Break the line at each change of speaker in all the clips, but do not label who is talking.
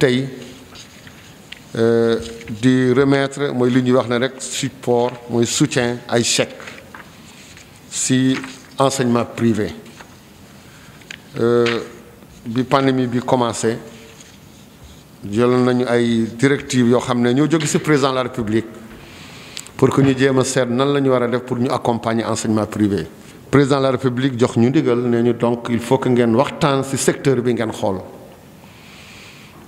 tey euh, di remettre moy li ñuy wax ne rek support moy soutien ay chèque si enseignement privé euh, bi pandémie bi commencé jël nañu ay directives yo xamné ñoo jóge ci président de la république pour que ñu jéma sét nan lañu wara def pour ñu accompagner enseignement privé. président de la république jox ñu digal né ñu donc il faut que ngeen waxtaan si secteur bi ngeen xol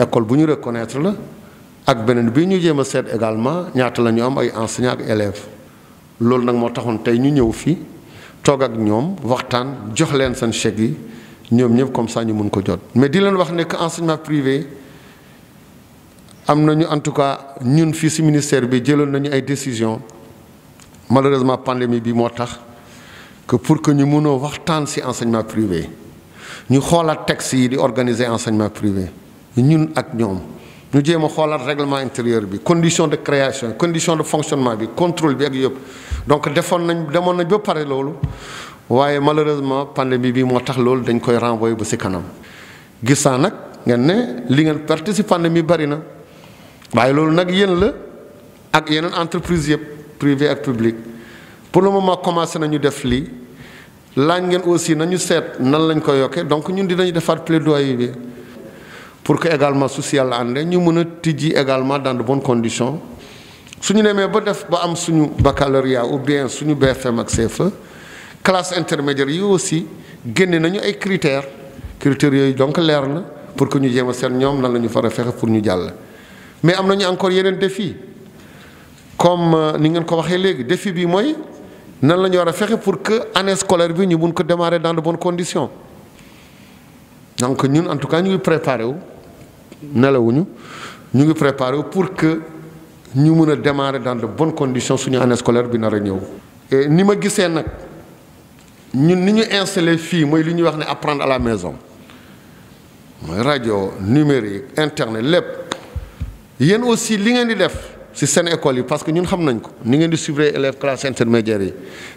école bu reconnaître le ak benen bi ñu jéem a également ñaata la ñu am ay enseignants ak élèves lool nak mo taxone tay ñu ñew fi tog ak ñom waxtaan jox leen seen chèque yi ñom ñëpp comme ça ñu mun ko jot. mais di leen wax nek enseignement privé am nañu en tout cas ñun fi ci ministère bi jëloon nañu ay décisions malheureusement pandémie bi mo tax que pour que ñu mëno waxtaan ci enseignement privé ñu xolat texte yi di organiser enseignement privé ñun ak ñoom ñu jéem a xoolaat règlement intérieur bi condition de création condition de fonctionnement bi contrôle bi ak yëpp donc defoon nañ demoon nañ ba pare loolu waaye malheureusement pandémie bi moo tax loolu dañ koy renvoyer ba ci kanam gis naa nag ngeen ne li ngeen perte ci pandémie bari na waaye loolu nag yéen la ak yeneen entreprise yëpp privé ak public pour le moment commencé nañu def lii laaj ngeen aussi nañu seet nan lañ ko yokkee donc ñun dinañu defaat plaidoyer bi pour que également social, ande ñu mëna a également dans de bonnes conditions suñu némé ba def ba am suñu baccalauréat ou bien suñu BFM ak CFEE classe intermédiaire yi aussi génne nañu ay critères critères donc leer pour que ñu jéem a ñom ñoom nan la ñu pour ñu jall mais am nañu encore un défi comme euh, ni ngeen ko waxé légui défi bi moy nan lañu wara fexé pour que année scolaire bi ñu mun ko démarrer dans de bonnes conditions donc ñun en tout cas ñu préparer préparé nelawuñu ñu ngi préparé pour que ñu mën a démarrer dans de bonnes conditions suñu année scolaire bi nar a ñëw. ni ma gisee nag ñun ni ñu installé fii mooy li ñuy wax ne apprendre à la maison mooy rajo numérique internet lépp yéen aussi li ngeen di def. si seen école yi parce que ñun xam nañ ko ni ngeen di suivre élèves classe intermédiaire yi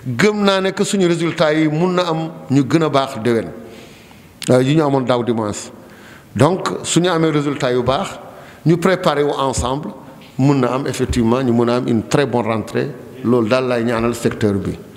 gëm naa ne que suñu résultat yi mun na am ñu gën a baax déwén yi ñu amoon daaw dimanche donc si nous avons résultat résultats, nous préparons ensemble Nous avons effectivement une très bonne rentrée dans le secteur B.